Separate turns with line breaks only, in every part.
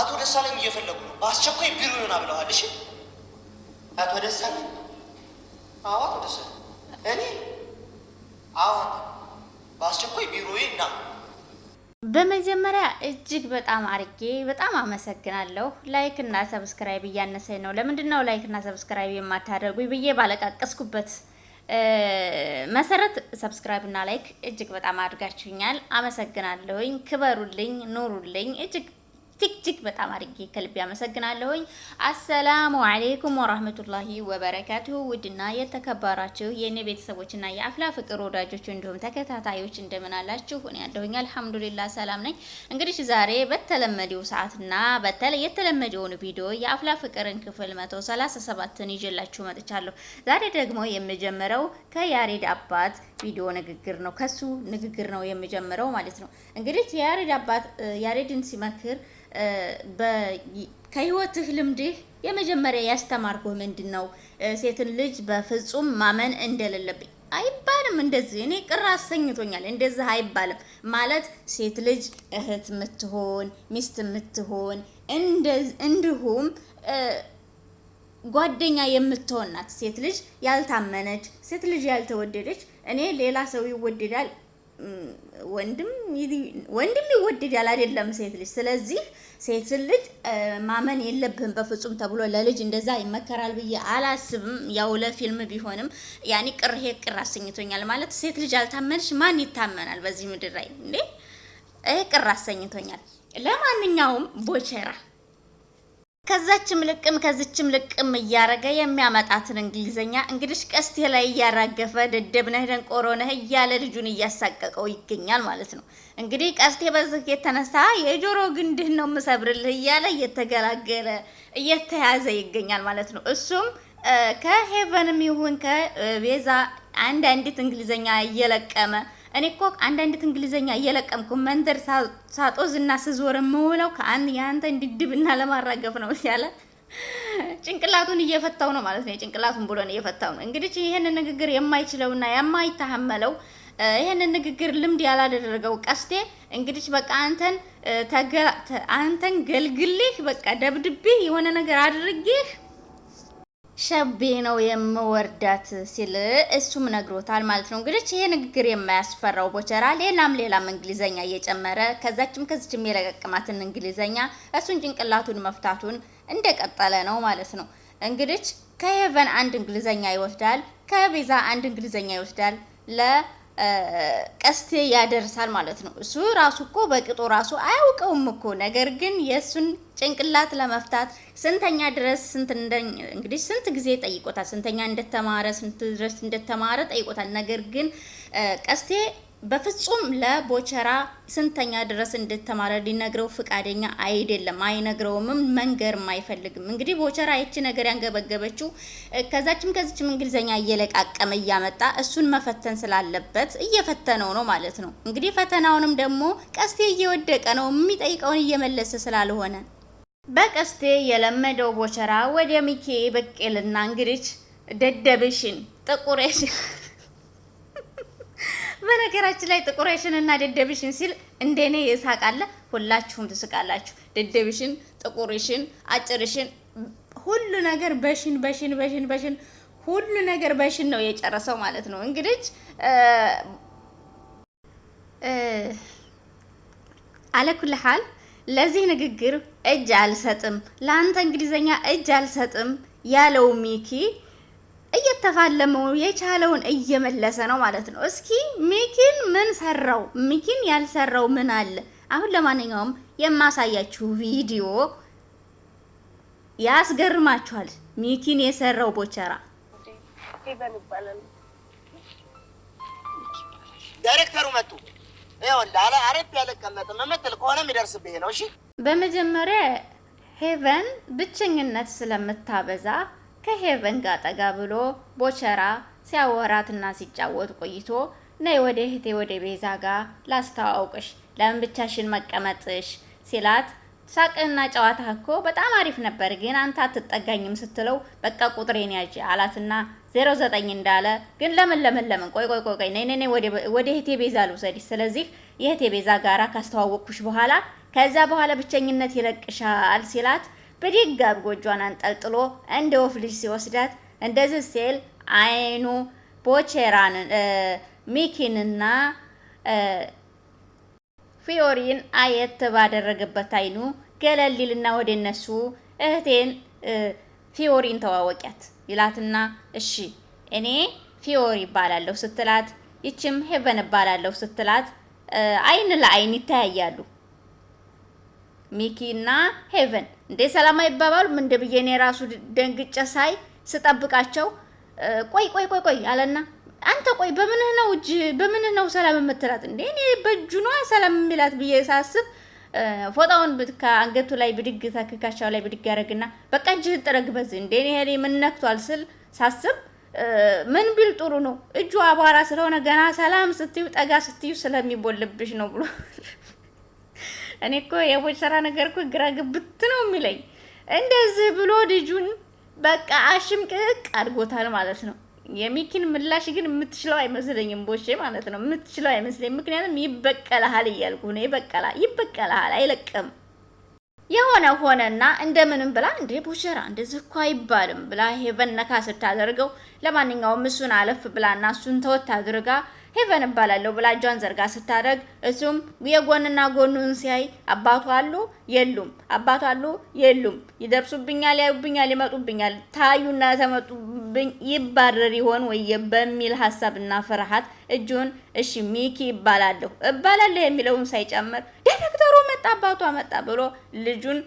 አቶ ደሳለኝ እየፈለጉ ነው። በአስቸኳይ ቢሮ ይሆና ብለዋል። እሺ አቶ ደሳለኝ? አዎ አቶ ደሳለኝ። እኔ አዎ፣ በአስቸኳይ ቢሮ ና።
በመጀመሪያ እጅግ በጣም አርጌ በጣም አመሰግናለሁ። ላይክ እና ሰብስክራይብ እያነሰኝ ነው። ለምንድን ነው ላይክ እና ሰብስክራይብ የማታደርጉኝ ብዬ ባለቃቀስኩበት መሰረት ሰብስክራይብ እና ላይክ እጅግ በጣም አድርጋችሁኛል። አመሰግናለሁኝ። ክበሩልኝ፣ ኑሩልኝ እጅግ እጅግ እጅግ በጣም አድርጌ ከልብ ያመሰግናለሁኝ። አሰላሙ አሌይኩም ወራህመቱላሂ ወበረካቱሁ። ውድና የተከበራችሁ የእኔ ቤተሰቦችና የአፍላ ፍቅር ወዳጆች እንዲሁም ተከታታዮች እንደምን አላችሁ? ያለሁኝ አልሐምዱሊላ ሰላም ነኝ። እንግዲህ ዛሬ በተለመደው ሰዓትና በተለይ የተለመደውን ቪዲዮ የአፍላ ፍቅርን ክፍል መቶ ሰላሳ ሰባትን ይዤላችሁ መጥቻለሁ። ዛሬ ደግሞ የምጀምረው ከያሬድ አባት ቪዲዮ ንግግር ነው። ከሱ ንግግር ነው የምጀምረው ማለት ነው። እንግዲህ የያሬድ አባት ያሬድን ሲመክር ከህይወትህ ልምድህ የመጀመሪያ ያስተማርኩህ ምንድን ነው? ሴትን ልጅ በፍጹም ማመን እንደሌለብኝ አይባልም። እንደዚህ እኔ ቅር አሰኝቶኛል። እንደዚህ አይባልም ማለት ሴት ልጅ እህት የምትሆን ሚስት የምትሆን እንዲሁም ጓደኛ የምትሆን ናት። ሴት ልጅ ያልታመነች፣ ሴት ልጅ ያልተወደደች እኔ ሌላ ሰው ይወደዳል ወንድም ወንድም ይወደዳል አይደለም ሴት ልጅ። ስለዚህ ሴት ልጅ ማመን የለብህም በፍጹም ተብሎ ለልጅ እንደዛ ይመከራል ብዬ አላስብም። ያው ለፊልም ቢሆንም ያኔ ቅር ቅር አሰኝቶኛል ማለት ሴት ልጅ አልታመንሽ ማን ይታመናል በዚህ ምድር ላይ እንዴ? ይሄ ቅር አሰኝቶኛል። ለማንኛውም ቦቸራ ከዛችም ልቅም ከዚችም ልቅም እያረገ የሚያመጣትን እንግሊዘኛ እንግዲሽ ቀስቴ ላይ እያራገፈ ደደብ ነህ ደንቆሮ ነህ እያለ ልጁን እያሳቀቀው ይገኛል ማለት ነው። እንግዲህ ቀስቴ በዚህ የተነሳ የጆሮ ግንድህ ነው የምሰብርልህ እያለ እየተገላገለ እየተያዘ ይገኛል ማለት ነው። እሱም ከሄቨንም ይሁን ከቤዛ አንድ አንዲት እንግሊዘኛ እየለቀመ እኔ እኮ አንዳንዲት እንግሊዘኛ እየለቀምኩ መንደር ሳጦዝ እና ስዞር የምውለው የአንተን ድድብና ለማራገፍ ነው ያለ ጭንቅላቱን እየፈታው ነው ማለት ነው። ብሎ ብሎን እየፈታው ነው። እንግዲህ ይህንን ንግግር የማይችለውና የማይታመለው ይህንን ንግግር ልምድ ያላደረገው ቀስቴ እንግዲህ በቃ አንተን አንተን ገልግልህ በቃ ደብድቤህ የሆነ ነገር አድርጌህ ሸቤ ነው የምወርዳት ሲል እሱም ነግሮታል ማለት ነው። እንግዲህ ይሄ ንግግር የማያስፈራው ቦቸራ ሌላም ሌላም እንግሊዘኛ እየጨመረ ከዛችም ከዚችም የለቀቅማትን እንግሊዘኛ እሱን ጭንቅላቱን መፍታቱን እንደቀጠለ ነው ማለት ነው። እንግዲህ ከሄቨን አንድ እንግሊዘኛ ይወስዳል፣ ከቤዛ አንድ እንግሊዘኛ ይወስዳል ለ ቀስቴ ያደርሳል ማለት ነው። እሱ ራሱ እኮ በቅጡ ራሱ አያውቀውም እኮ ነገር ግን የእሱን ጭንቅላት ለመፍታት ስንተኛ ድረስ ስንት እንግዲህ ስንት ጊዜ ጠይቆታል። ስንተኛ እንደተማረ ስንት ድረስ እንደተማረ ጠይቆታል። ነገር ግን ቀስቴ በፍጹም ለቦቸራ ስንተኛ ድረስ እንደተማረ ሊነግረው ፍቃደኛ አይደለም። አይነግረውምም፣ መንገርም አይፈልግም። እንግዲህ ቦቸራ ይቺ ነገር ያንገበገበችው ከዛችም ከዚችም እንግሊዘኛ እየለቃቀመ እያመጣ እሱን መፈተን ስላለበት እየፈተነው ነው ማለት ነው። እንግዲህ ፈተናውንም ደግሞ ቀስቴ እየወደቀ ነው የሚጠይቀውን እየመለሰ ስላልሆነ በቀስቴ የለመደው ቦቸራ ወደ ሚኬ በቄልና እንግዲህ ደደብሽን ጥቁሬሽን በነገራችን ላይ ጥቁሬሽን እና ደደብሽን ሲል እንደኔ የሳቃለ ሁላችሁም ትስቃላችሁ። ደደብሽን፣ ጥቁርሽን፣ አጭርሽን ሁሉ ነገር በሽን በሽን በሽን በሽን ሁሉ ነገር በሽን ነው የጨረሰው ማለት ነው። እንግዲህ አለኩል ሀል ለዚህ ንግግር እጅ አልሰጥም፣ ለአንተ እንግሊዘኛ እጅ አልሰጥም ያለው ሚኪ እየተፋለመው የቻለውን እየመለሰ ነው ማለት ነው። እስኪ ሚኪን ምን ሰራው? ሚኪን ያልሰራው ምን አለ? አሁን ለማንኛውም የማሳያችሁ ቪዲዮ ያስገርማችኋል። ሚኪን የሰራው ቦቸራ
ዳይሬክተሩ መጡ። አረፍ ያለቀመጠ መመትል ከሆነ የሚደርስብህ ነው። እሺ
በመጀመሪያ ሄቨን ብቸኝነት ስለምታበዛ ከሄቨን ጋር ጠጋ ብሎ ቦቸራ ሲያወራትና ሲጫወት ቆይቶ ነይ ወደ እህቴ ወደ ቤዛ ጋር ላስተዋውቅሽ፣ ለምን ብቻሽን መቀመጥሽ ሲላት ሳቅህና ጨዋታ እኮ በጣም አሪፍ ነበር፣ ግን አንተ አትጠጋኝም ስትለው በቃ ቁጥሬን ያጅ አላትና ዜሮ ዘጠኝ እንዳለ ግን ለምን ለምን ለምን ቆይ ቆይ ቆይ ነይ ነይ ወደ እህቴ ቤዛ ልውሰድሽ። ስለዚህ የእህቴ ቤዛ ጋራ ካስተዋወቅኩሽ በኋላ ከዛ በኋላ ብቸኝነት ይለቅሻል ሲላት ብድግ አድርጎ እጇን አንጠልጥሎ እንደ ወፍ ልጅ ሲወስዳት እንደዚህ ሲል አይኑ ቦቼራን ሚኪንና ፊዮሪን አየት ባደረገበት አይኑ ገለሊልና ወደ እነሱ እህቴን ፊዮሪን ተዋወቂያት ይላትና እሺ እኔ ፊዮሪ ይባላለሁ ስትላት፣ ይችም ሄቨን እባላለሁ ስትላት አይን ለአይን ይተያያሉ ሚኪና ሄቨን እንዴ ሰላም አይባባሉም እንደ ብዬ እኔ ራሱ ደንግጬ ሳይ ስጠብቃቸው ቆይ ቆይ ቆይ ቆይ አለና አንተ ቆይ በምንህ ነው እጅ በምንህ ነው ሰላም የምትላት? እንዴ እኔ በእጁ ነዋ ሰላም የሚላት ብዬ ሳስብ ፎጣውን ከአንገቱ ላይ ብድግ ተክካቻው ላይ ብድግ ያደረግና በቃ እጅህን ጥረግ በዚህ እንዴ እኔ ምን ነክቷል ስል ሳስብ ምን ቢል ጥሩ ነው እጁ አቧራ ስለሆነ ገና ሰላም ስትዩ ጠጋ ስትዩ ስለሚቦልብሽ ነው ብሎ እኔ እኮ የቦቸራ ነገር እኮ ግራ ግብት ነው የሚለኝ። እንደዚህ ብሎ ልጁን በቃ አሽምቅቅ አድርጎታል ማለት ነው። የሚኪን ምላሽ ግን የምትችለው አይመስለኝም፣ ቦቼ ማለት ነው የምትችለው አይመስለኝም። ምክንያቱም ይበቀልሃል እያልኩ ነው። ይበቀላል፣ ይበቀልሃል፣ አይለቅም። የሆነ ሆነና እንደምንም ብላ እንዴ ቦቸራ እንደዚህ እኮ አይባልም ብላ ሄቨን ነካ ስታደርገው፣ ለማንኛውም እሱን አለፍ ብላና እሱን ተወት አድርጋ ሄቨን እባላለሁ ብላ እጇን ዘርጋ ስታደርግ እሱም የጎንና ጎኑን ሲያይ አባቱ አሉ የሉም፣ አባቱ አሉ የሉም፣ ይደርሱብኛል፣ ያዩብኛል፣ ይመጡብኛል፣ ታዩና ተመጡብኝ ይባረር ይሆን ወይ በሚል ሀሳብና ፍርሃት እጁን እሺ ሚኪ ይባላለሁ እባላለሁ የሚለውን ሳይጨምር ዳይሬክተሩ መጣ፣ አባቷ መጣ ብሎ ልጁን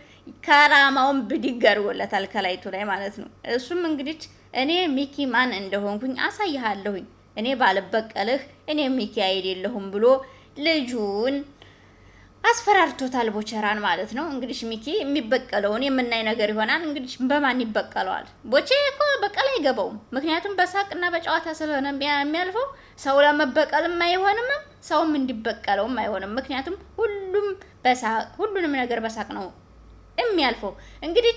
ከራማውን ብድግ አድርጎለታል፣ ከላይቱ ላይ ማለት ነው። እሱም እንግዲህ እኔ ሚኪ ማን እንደሆንኩኝ አሳይሃለሁኝ እኔ ባልበቀልህ እኔ ሚካኤል የለሁም ብሎ ልጁን አስፈራርቶታል። ቦቸራን ማለት ነው። እንግዲህ ሚኪ የሚበቀለውን የምናይ ነገር ይሆናል። እንግዲህ በማን ይበቀለዋል? ቦቼ እኮ በቀል አይገባውም። ምክንያቱም በሳቅና በጨዋታ ስለሆነ የሚያልፈው ሰው ለመበቀልም አይሆንም፣ ሰውም እንዲበቀለውም አይሆንም። ምክንያቱም ሁሉም በሳቅ ሁሉንም ነገር በሳቅ ነው የሚያልፈው። እንግዲህ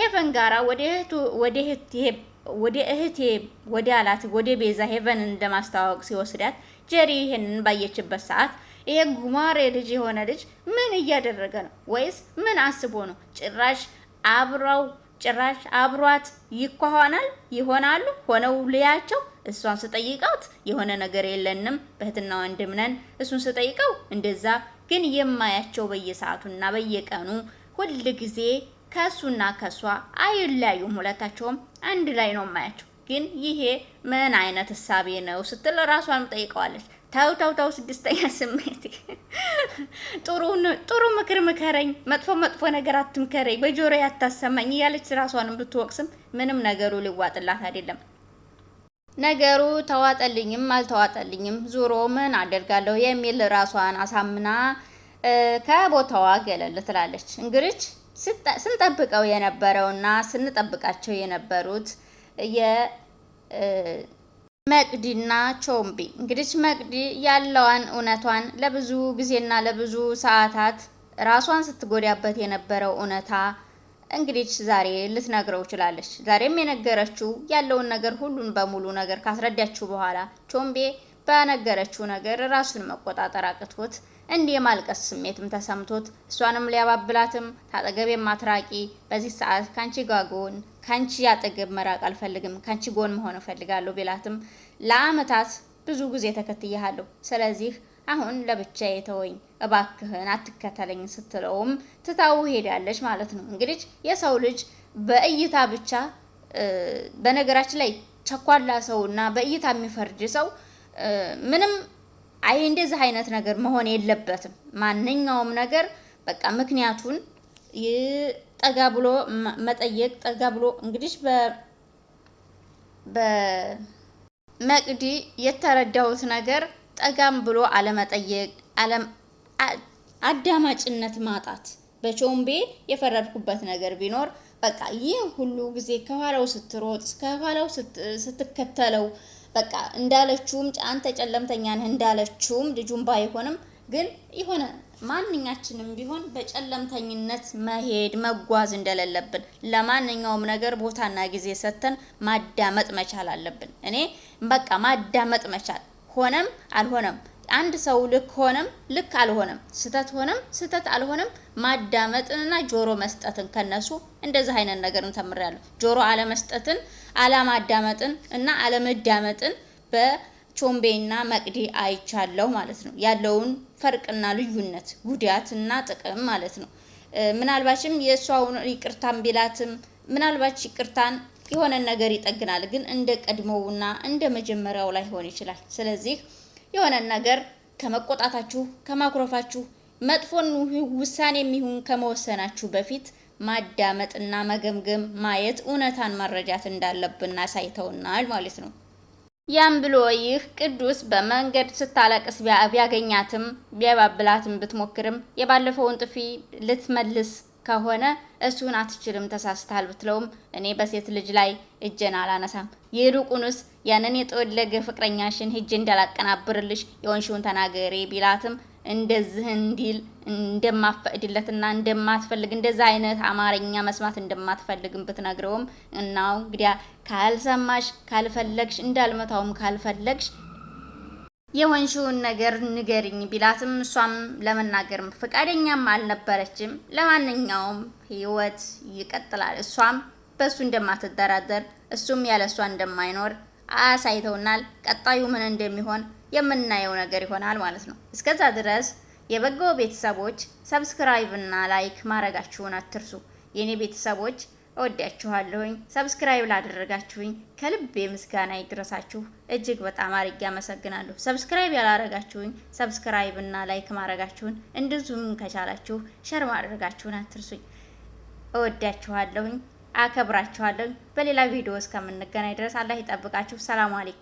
ሄቨን ጋራ ወደ ወደ እህቴ ወደ አላት ወደ ቤዛ ሄቨን እንደማስተዋወቅ ሲወስዳት ጀሪ ይሄንን ባየችበት ሰዓት ይሄ ጉማሬ ልጅ የሆነ ልጅ ምን እያደረገ ነው? ወይስ ምን አስቦ ነው? ጭራሽ አብረው ጭራሽ አብሯት ይኳኋናል ይሆናሉ ሆነው ልያቸው እሷን ስጠይቃት የሆነ ነገር የለንም በእህትና ወንድም ነን። እሱን ስጠይቀው እንደዛ ግን የማያቸው በየሰዓቱና በየቀኑ ሁል ጊዜ ከእሱና ከእሷ አይለያዩም። ሁለታቸውም አንድ ላይ ነው የማያቸው። ግን ይሄ ምን አይነት እሳቤ ነው ስትል ራሷን ጠይቀዋለች። ተው ተው ተው፣ ስድስተኛ ስሜት ጥሩ ምክር ምከረኝ፣ መጥፎ መጥፎ ነገር አትምከረኝ፣ በጆሮ ያታሰማኝ እያለች ራሷንም ብትወቅስም ምንም ነገሩ ሊዋጥላት አይደለም። ነገሩ ተዋጠልኝም አልተዋጠልኝም ዙሮ ምን አደርጋለሁ የሚል ራሷን አሳምና ከቦታዋ ገለል ትላለች እንግዲህ ስንጠብቀው የነበረውና ስንጠብቃቸው የነበሩት የመቅዲና ቾምቢ እንግዲህ መቅዲ ያለዋን እውነቷን ለብዙ ጊዜና ለብዙ ሰዓታት ራሷን ስትጎዳበት የነበረው እውነታ እንግዲህ ዛሬ ልትነግረው ችላለች። ዛሬም የነገረችው ያለውን ነገር ሁሉን በሙሉ ነገር ካስረዳችው በኋላ ቾምቤ በነገረችው ነገር ራሱን መቆጣጠር አቅቶት እንዲህ የማልቀስ ስሜትም ተሰምቶት እሷንም ሊያባብላትም ታጠገቤ ማትራቂ በዚህ ሰዓት ካንቺ ጋጎን ካንቺ አጠገብ መራቅ አልፈልግም፣ ካንቺ ጎን መሆን እፈልጋለሁ ቢላትም ለአመታት ብዙ ጊዜ ተከትያለሁ፣ ስለዚህ አሁን ለብቻ የተወኝ እባክህን አትከተለኝ ስትለውም ትታው ሄዳለች ማለት ነው። እንግዲህ የሰው ልጅ በእይታ ብቻ በነገራችን ላይ ቸኳላ ሰውና በእይታ የሚፈርድ ሰው ምንም አይ እንደዚህ አይነት ነገር መሆን የለበትም። ማንኛውም ነገር በቃ ምክንያቱን ጠጋ ብሎ መጠየቅ ጠጋ ብሎ እንግዲህ በመቅዲ የተረዳሁት ነገር ጠጋም ብሎ አለመጠየቅ አዳማጭነት ማጣት በቾምቤ የፈረድኩበት ነገር ቢኖር በቃ ይህ ሁሉ ጊዜ ከኋላው ስትሮጥ ከኋላው ስትከተለው በቃ እንዳለችውም አንተ ጨለምተኛ ነህ እንዳለችውም ልጁም ባይሆንም ግን የሆነ ማንኛችንም ቢሆን በጨለምተኝነት መሄድ መጓዝ እንደሌለብን ለማንኛውም ነገር ቦታና ጊዜ ሰጥተን ማዳመጥ መቻል አለብን። እኔ በቃ ማዳመጥ መቻል ሆነም አልሆነም አንድ ሰው ልክ ሆነም ልክ አልሆነም፣ ስተት ሆነም ስተት አልሆነም ማዳመጥንና ጆሮ መስጠትን ከነሱ እንደዚህ አይነት ነገርን ተምሬያለሁ። ጆሮ አለመስጠትን፣ አለማዳመጥን እና አለመዳመጥን በቾምቤና መቅዲ አይቻለሁ ማለት ነው። ያለውን ፈርቅና ልዩነት ጉዳትና ጥቅም ማለት ነው። ምናልባችም የእሷውን ይቅርታን ቢላትም ምናልባች ይቅርታን የሆነ ነገር ይጠግናል፣ ግን እንደ ቀድሞውና እንደ መጀመሪያው ላይ ሆን ይችላል። ስለዚህ የሆነን ነገር ከመቆጣታችሁ ከማኩረፋችሁ መጥፎን ውሳኔ የሚሆን ከመወሰናችሁ በፊት ማዳመጥና መገምገም ማየት እውነታን መረጃት እንዳለብን አሳይተውናል ማለት ነው። ያም ብሎ ይህ ቅዱስ በመንገድ ስታለቅስ ቢያገኛትም ቢያባብላትም ብትሞክርም የባለፈውን ጥፊ ልትመልስ ከሆነ እሱን አትችልም፣ ተሳስታል ብትለውም እኔ በሴት ልጅ ላይ እጄን አላነሳም ይልቁንስ ያንን የጠወለገ ፍቅረኛሽን ሂጅ እንዳላቀናብርልሽ የሆንሽውን ተናገሬ ቢላትም እንደዚህ እንዲል እንደማፈቅድለትና እንደማትፈልግ እንደዛ አይነት አማርኛ መስማት እንደማትፈልግም ብትነግረውም እናው እንግዲያ ካልሰማሽ ካልፈለግሽ እንዳልመታውም ካልፈለግሽ የወንሹውን ነገር ንገርኝ ቢላትም እሷም ለመናገርም ፈቃደኛም አልነበረችም። ለማንኛውም ህይወት ይቀጥላል። እሷም በእሱ እንደማትደራደር እሱም ያለ እሷ እንደማይኖር አሳይተውናል። ቀጣዩ ምን እንደሚሆን የምናየው ነገር ይሆናል ማለት ነው። እስከዛ ድረስ የበጎ ቤተሰቦች ሰብስክራይብ እና ላይክ ማድረጋችሁን አትርሱ። የኔ ቤተሰቦች እወዳችኋለሁኝ። ሰብስክራይብ ላደረጋችሁኝ ከልቤ ምስጋና ይድረሳችሁ። እጅግ በጣም አርጌ አመሰግናለሁ። ሰብስክራይብ ያላረጋችሁኝ ሰብስክራይብ እና ላይክ ማድረጋችሁን እንድዙም ከቻላችሁ ሸር ማድረጋችሁን አትርሱኝ። እወዳችኋለሁኝ። አከብራችኋለሁ። በሌላ ቪዲዮ እስከምንገናኝ ድረስ አላህ ይጠብቃችሁ። ሰላም አለይኩም።